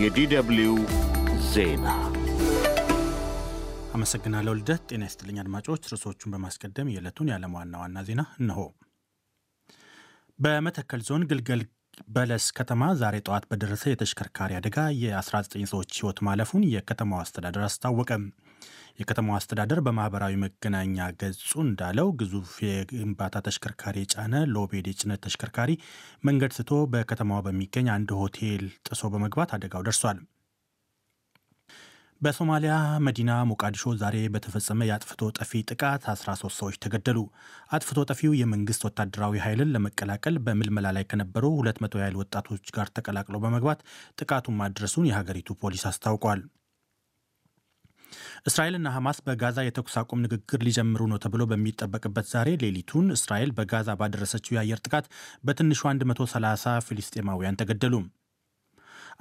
የዲደብልዩ ዜና አመሰግናለሁ ልደት። ጤና ይስጥልኝ አድማጮች። ርዕሶቹን በማስቀደም የዕለቱን የዓለም ዋና ዋና ዜና እነሆ። በመተከል ዞን ግልገል በለስ ከተማ ዛሬ ጠዋት በደረሰ የተሽከርካሪ አደጋ የ19 ሰዎች ሕይወት ማለፉን የከተማው አስተዳደር አስታወቀም። የከተማው አስተዳደር በማህበራዊ መገናኛ ገጹ እንዳለው ግዙፍ የግንባታ ተሽከርካሪ የጫነ ሎቤድ የጭነት ተሽከርካሪ መንገድ ስቶ በከተማዋ በሚገኝ አንድ ሆቴል ጥሶ በመግባት አደጋው ደርሷል። በሶማሊያ መዲና ሞቃዲሾ ዛሬ በተፈጸመ የአጥፍቶ ጠፊ ጥቃት 13 ሰዎች ተገደሉ። አጥፍቶ ጠፊው የመንግስት ወታደራዊ ኃይልን ለመቀላቀል በምልመላ ላይ ከነበሩ 200 ያህል ወጣቶች ጋር ተቀላቅለው በመግባት ጥቃቱን ማድረሱን የሀገሪቱ ፖሊስ አስታውቋል። እስራኤልና ሐማስ በጋዛ የተኩስ አቁም ንግግር ሊጀምሩ ነው ተብሎ በሚጠበቅበት ዛሬ ሌሊቱን እስራኤል በጋዛ ባደረሰችው የአየር ጥቃት በትንሹ 130 ፊልስጤማውያን ተገደሉ።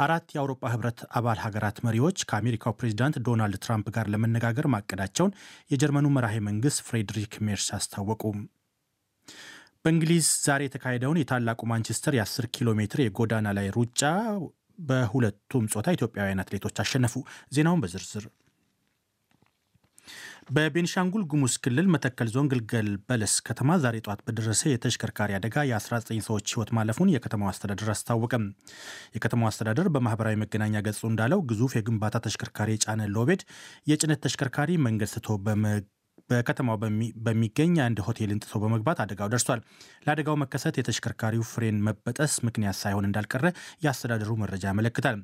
አራት የአውሮፓ ህብረት አባል ሀገራት መሪዎች ከአሜሪካው ፕሬዚዳንት ዶናልድ ትራምፕ ጋር ለመነጋገር ማቀዳቸውን የጀርመኑ መራሄ መንግስት ፍሬድሪክ ሜርስ አስታወቁ። በእንግሊዝ ዛሬ የተካሄደውን የታላቁ ማንቸስተር የ10 ኪሎ ሜትር የጎዳና ላይ ሩጫ በሁለቱም ጾታ ኢትዮጵያውያን አትሌቶች አሸነፉ። ዜናውን በዝርዝር በቤንሻንጉል ጉሙዝ ክልል መተከል ዞን ግልገል በለስ ከተማ ዛሬ ጠዋት በደረሰ የተሽከርካሪ አደጋ የ19 ሰዎች ህይወት ማለፉን የከተማው አስተዳደር አስታወቀም። የከተማው አስተዳደር በማህበራዊ መገናኛ ገጹ እንዳለው ግዙፍ የግንባታ ተሽከርካሪ የጫነ ሎቤድ የጭነት ተሽከርካሪ መንገድ ስቶ በከተማው በሚገኝ አንድ ሆቴል ጥሶ በመግባት አደጋው ደርሷል። ለአደጋው መከሰት የተሽከርካሪው ፍሬን መበጠስ ምክንያት ሳይሆን እንዳልቀረ የአስተዳደሩ መረጃ ያመለክታል።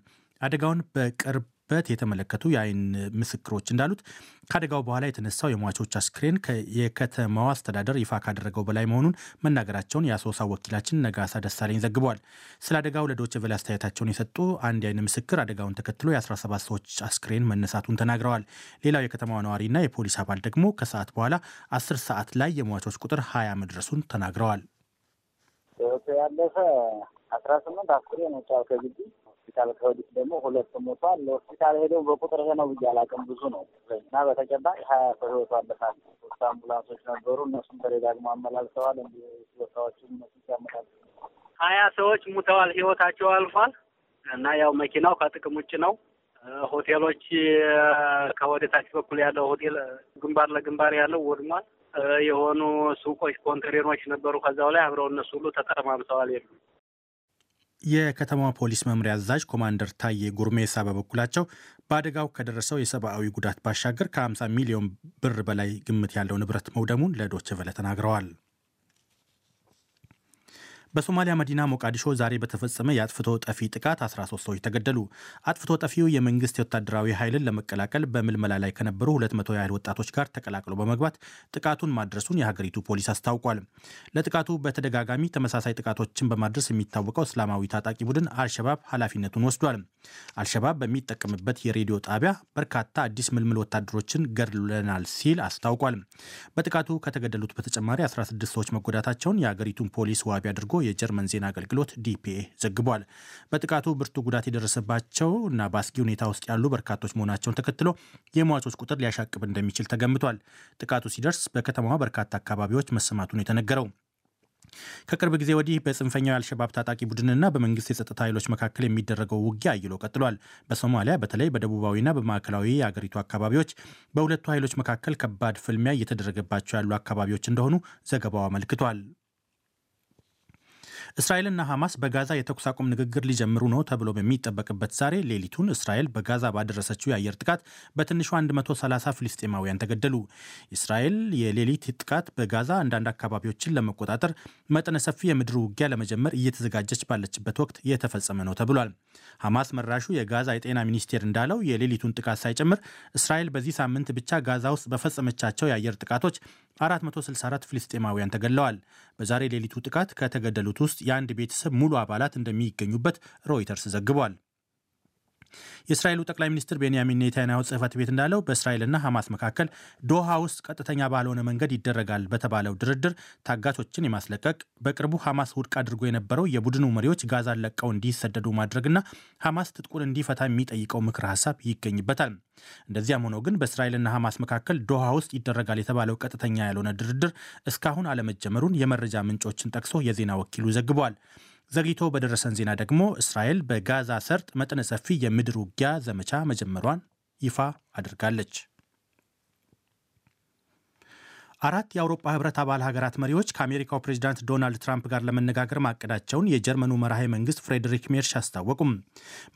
አደጋውን በቅርብ በት የተመለከቱ የአይን ምስክሮች እንዳሉት ከአደጋው በኋላ የተነሳው የሟቾች አስክሬን የከተማዋ አስተዳደር ይፋ ካደረገው በላይ መሆኑን መናገራቸውን የአሶሳ ወኪላችን ነጋሳ ደሳለኝ ዘግቧል። ስለ አደጋው ለዶቼ ቬለ አስተያየታቸውን የሰጡ አንድ የአይን ምስክር አደጋውን ተከትሎ የ17 ሰዎች አስክሬን መነሳቱን ተናግረዋል። ሌላው የከተማዋ ነዋሪና የፖሊስ አባል ደግሞ ከሰዓት በኋላ 10 ሰዓት ላይ የሟቾች ቁጥር 20 መድረሱን ተናግረዋል። ያለፈ አስራ ስምንት አስክሬን ወጥተዋል ከግቢ ሆስፒታል ከወዲህ ደግሞ ሁለት ሞቷል። ለሆስፒታል ሄደው በቁጥር ይሄ ነው ብዬ አላውቅም፣ ብዙ ነው እና በተጨባጭ ሀያ ሰው ህይወቱ አለፋል። ሶስት አምቡላንሶች ነበሩ፣ እነሱም ተደጋግሞ አመላልሰዋል። እንዲ ቦታዎችን እነሱ ያመላል። ሀያ ሰዎች ሙተዋል፣ ህይወታቸው አልፏል። እና ያው መኪናው ከጥቅም ውጭ ነው። ሆቴሎች ከወደ ታች በኩል ያለው ሆቴል ግንባር ለግንባር ያለው ወድሟል። የሆኑ ሱቆች፣ ኮንቴነሮች ነበሩ ከዛው ላይ አብረው እነሱ ሁሉ ተጠማምሰዋል የሉ የከተማ ፖሊስ መምሪያ አዛዥ ኮማንደር ታዬ ጉርሜሳ በበኩላቸው በአደጋው ከደረሰው የሰብአዊ ጉዳት ባሻገር ከ50 ሚሊዮን ብር በላይ ግምት ያለው ንብረት መውደሙን ለዶችቨለ ተናግረዋል። በሶማሊያ መዲና ሞቃዲሾ ዛሬ በተፈጸመ የአጥፍቶ ጠፊ ጥቃት 13 ሰዎች ተገደሉ። አጥፍቶ ጠፊው የመንግስት የወታደራዊ ኃይልን ለመቀላቀል በምልመላ ላይ ከነበሩ 200 ያህል ወጣቶች ጋር ተቀላቅሎ በመግባት ጥቃቱን ማድረሱን የሀገሪቱ ፖሊስ አስታውቋል። ለጥቃቱ በተደጋጋሚ ተመሳሳይ ጥቃቶችን በማድረስ የሚታወቀው እስላማዊ ታጣቂ ቡድን አልሸባብ ኃላፊነቱን ወስዷል። አልሸባብ በሚጠቀምበት የሬዲዮ ጣቢያ በርካታ አዲስ ምልምል ወታደሮችን ገድለናል ሲል አስታውቋል። በጥቃቱ ከተገደሉት በተጨማሪ 16 ሰዎች መጎዳታቸውን የሀገሪቱን ፖሊስ ዋቢ አድርጎ የጀርመን ዜና አገልግሎት ዲፒኤ ዘግቧል። በጥቃቱ ብርቱ ጉዳት የደረሰባቸው እና በአስጊ ሁኔታ ውስጥ ያሉ በርካቶች መሆናቸውን ተከትሎ የሟቾች ቁጥር ሊያሻቅብ እንደሚችል ተገምቷል። ጥቃቱ ሲደርስ በከተማዋ በርካታ አካባቢዎች መሰማቱን የተነገረው ከቅርብ ጊዜ ወዲህ በጽንፈኛው የአልሸባብ ታጣቂ ቡድንና በመንግስት የጸጥታ ኃይሎች መካከል የሚደረገው ውጊያ አይሎ ቀጥሏል። በሶማሊያ በተለይ በደቡባዊና በማዕከላዊ የአገሪቱ አካባቢዎች በሁለቱ ኃይሎች መካከል ከባድ ፍልሚያ እየተደረገባቸው ያሉ አካባቢዎች እንደሆኑ ዘገባው አመልክቷል። እስራኤልና ሐማስ በጋዛ የተኩስ አቁም ንግግር ሊጀምሩ ነው ተብሎ በሚጠበቅበት ዛሬ ሌሊቱን እስራኤል በጋዛ ባደረሰችው የአየር ጥቃት በትንሹ 130 ፍልስጤማውያን ተገደሉ። እስራኤል የሌሊት ጥቃት በጋዛ አንዳንድ አካባቢዎችን ለመቆጣጠር መጠነ ሰፊ የምድር ውጊያ ለመጀመር እየተዘጋጀች ባለችበት ወቅት የተፈጸመ ነው ተብሏል። ሐማስ መራሹ የጋዛ የጤና ሚኒስቴር እንዳለው የሌሊቱን ጥቃት ሳይጨምር እስራኤል በዚህ ሳምንት ብቻ ጋዛ ውስጥ በፈጸመቻቸው የአየር ጥቃቶች 464 ፍልስጤማውያን ተገድለዋል። በዛሬ ሌሊቱ ጥቃት ከተገደሉት ውስጥ የአንድ ቤተሰብ ሙሉ አባላት እንደሚገኙበት ሮይተርስ ዘግቧል። የእስራኤሉ ጠቅላይ ሚኒስትር ቤንያሚን ኔታንያሁ ጽህፈት ቤት እንዳለው በእስራኤልና ሐማስ መካከል ዶሃ ውስጥ ቀጥተኛ ባልሆነ መንገድ ይደረጋል በተባለው ድርድር ታጋቾችን የማስለቀቅ በቅርቡ ሐማስ ውድቅ አድርጎ የነበረው የቡድኑ መሪዎች ጋዛን ለቀው እንዲሰደዱ ማድረግና ሐማስ ትጥቁን እንዲፈታ የሚጠይቀው ምክር ሀሳብ ይገኝበታል። እንደዚያም ሆኖ ግን በእስራኤልና ሐማስ መካከል ዶሃ ውስጥ ይደረጋል የተባለው ቀጥተኛ ያልሆነ ድርድር እስካሁን አለመጀመሩን የመረጃ ምንጮችን ጠቅሶ የዜና ወኪሉ ዘግቧል። ዘግይቶ በደረሰን ዜና ደግሞ እስራኤል በጋዛ ሰርጥ መጠነ ሰፊ የምድር ውጊያ ዘመቻ መጀመሯን ይፋ አድርጋለች። አራት የአውሮፓ ህብረት አባል ሀገራት መሪዎች ከአሜሪካው ፕሬዚዳንት ዶናልድ ትራምፕ ጋር ለመነጋገር ማቀዳቸውን የጀርመኑ መራሄ መንግስት ፍሬድሪክ ሜርሽ አስታወቁም።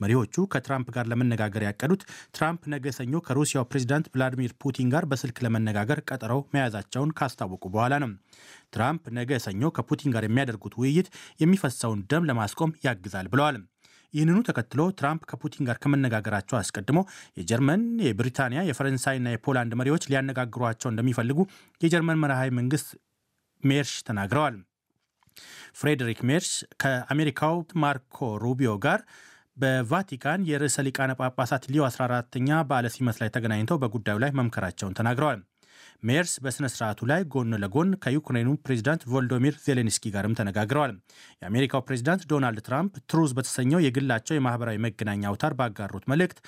መሪዎቹ ከትራምፕ ጋር ለመነጋገር ያቀዱት ትራምፕ ነገ ሰኞ ከሩሲያው ፕሬዚዳንት ቭላዲሚር ፑቲን ጋር በስልክ ለመነጋገር ቀጠረው መያዛቸውን ካስታወቁ በኋላ ነው። ትራምፕ ነገ ሰኞ ከፑቲን ጋር የሚያደርጉት ውይይት የሚፈሰውን ደም ለማስቆም ያግዛል ብለዋል። ይህንኑ ተከትሎ ትራምፕ ከፑቲን ጋር ከመነጋገራቸው አስቀድሞ የጀርመን፣ የብሪታንያ፣ የፈረንሳይና የፖላንድ መሪዎች ሊያነጋግሯቸው እንደሚፈልጉ የጀርመን መርሃዊ መንግስት ሜርሽ ተናግረዋል። ፍሬደሪክ ሜርሽ ከአሜሪካው ማርኮ ሩቢዮ ጋር በቫቲካን የርዕሰ ሊቃነ ጳጳሳት ሊዮ 14 ተኛ በዓለ ሲመት ላይ ተገናኝተው በጉዳዩ ላይ መምከራቸውን ተናግረዋል። ሜርስ በሥነ ሥርዓቱ ላይ ጎን ለጎን ከዩክሬኑ ፕሬዚዳንት ቮልዶሚር ዜሌንስኪ ጋርም ተነጋግረዋል። የአሜሪካው ፕሬዚዳንት ዶናልድ ትራምፕ ትሩዝ በተሰኘው የግላቸው የማህበራዊ መገናኛ አውታር ባጋሩት መልእክት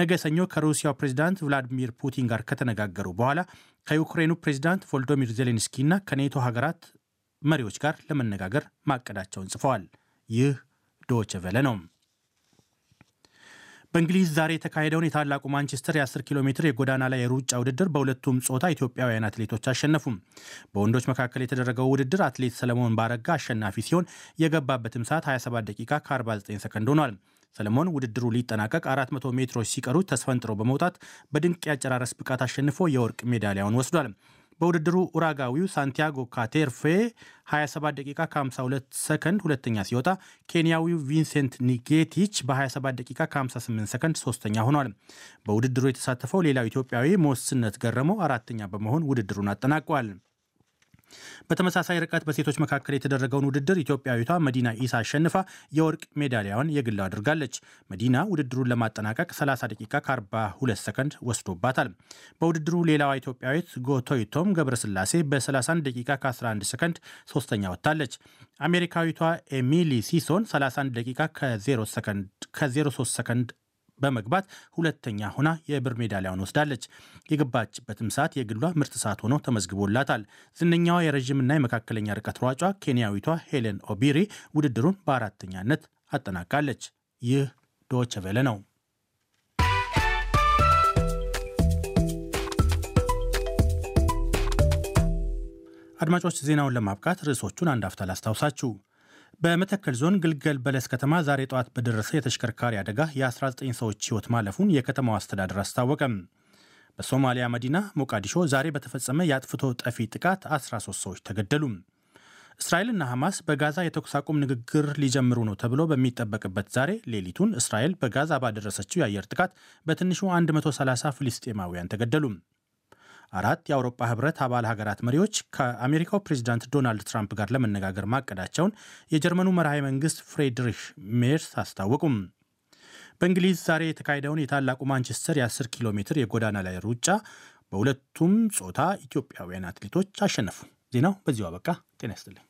ነገ ሰኞ ከሩሲያው ፕሬዚዳንት ቭላዲሚር ፑቲን ጋር ከተነጋገሩ በኋላ ከዩክሬኑ ፕሬዚዳንት ቮልዶሚር ዜሌንስኪ እና ከኔቶ ሀገራት መሪዎች ጋር ለመነጋገር ማቀዳቸውን ጽፈዋል። ይህ ዶቼ ቬለ ነው። በእንግሊዝ ዛሬ የተካሄደውን የታላቁ ማንቸስተር የ10 ኪሎ ሜትር የጎዳና ላይ የሩጫ ውድድር በሁለቱም ጾታ ኢትዮጵያውያን አትሌቶች አሸነፉም። በወንዶች መካከል የተደረገው ውድድር አትሌት ሰለሞን ባረጋ አሸናፊ ሲሆን የገባበትም ሰዓት 27 ደቂቃ ከ49 ሰከንድ ሆኗል። ሰለሞን ውድድሩ ሊጠናቀቅ 400 ሜትሮች ሲቀሩ ተስፈንጥሮ በመውጣት በድንቅ የአጨራረስ ብቃት አሸንፎ የወርቅ ሜዳሊያውን ወስዷል። በውድድሩ ኡራጋዊው ሳንቲያጎ ካቴርፌ 27 ደቂቃ ከ52 ሰከንድ ሁለተኛ ሲወጣ ኬንያዊው ቪንሴንት ኒጌቲች በ27 ደቂቃ ከ58 ሰከንድ ሶስተኛ ሆኗል። በውድድሩ የተሳተፈው ሌላው ኢትዮጵያዊ ሞስነት ገረመው አራተኛ በመሆን ውድድሩን አጠናቋል። በተመሳሳይ ርቀት በሴቶች መካከል የተደረገውን ውድድር ኢትዮጵያዊቷ መዲና ኢሳ አሸንፋ የወርቅ ሜዳሊያዋን የግል አድርጋለች። መዲና ውድድሩን ለማጠናቀቅ 30 ደቂቃ ከ42 ሰከንድ ወስዶባታል። በውድድሩ ሌላዋ ኢትዮጵያዊት ጎቶይቶም ገብረስላሴ በ31 ደቂቃ ከ11 ሰከንድ ሶስተኛ ወጥታለች። አሜሪካዊቷ ኤሚሊ ሲሶን 31 ደቂቃ ከ03 ሰከንድ በመግባት ሁለተኛ ሆና የብር ሜዳሊያውን ወስዳለች። የገባችበትም ሰዓት የግሏ ምርጥ ሰዓት ሆኖ ተመዝግቦላታል። ዝነኛዋ የረዥምና የመካከለኛ ርቀት ሯጯ ኬንያዊቷ ሄሌን ኦቢሪ ውድድሩን በአራተኛነት አጠናቃለች። ይህ ዶቼ ቬለ ነው። አድማጮች ዜናውን ለማብቃት ርዕሶቹን አንድ አፍታ ላስታውሳችሁ። በመተከል ዞን ግልገል በለስ ከተማ ዛሬ ጠዋት በደረሰ የተሽከርካሪ አደጋ የ19 ሰዎች ህይወት ማለፉን የከተማው አስተዳደር አስታወቀም። በሶማሊያ መዲና ሞቃዲሾ ዛሬ በተፈጸመ የአጥፍቶ ጠፊ ጥቃት 13 ሰዎች ተገደሉ። እስራኤልና ሐማስ በጋዛ የተኩስ አቁም ንግግር ሊጀምሩ ነው ተብሎ በሚጠበቅበት ዛሬ ሌሊቱን እስራኤል በጋዛ ባደረሰችው የአየር ጥቃት በትንሹ 130 ፍልስጤማውያን ተገደሉ። አራት የአውሮፓ ህብረት አባል ሀገራት መሪዎች ከአሜሪካው ፕሬዚዳንት ዶናልድ ትራምፕ ጋር ለመነጋገር ማቀዳቸውን የጀርመኑ መርሃዊ መንግስት ፍሬድሪሽ ሜርስ አስታወቁም። በእንግሊዝ ዛሬ የተካሄደውን የታላቁ ማንቸስተር የ10 ኪሎ ሜትር የጎዳና ላይ ሩጫ በሁለቱም ጾታ ኢትዮጵያውያን አትሌቶች አሸነፉ። ዜናው በዚሁ አበቃ። ጤና ይስጥልኝ።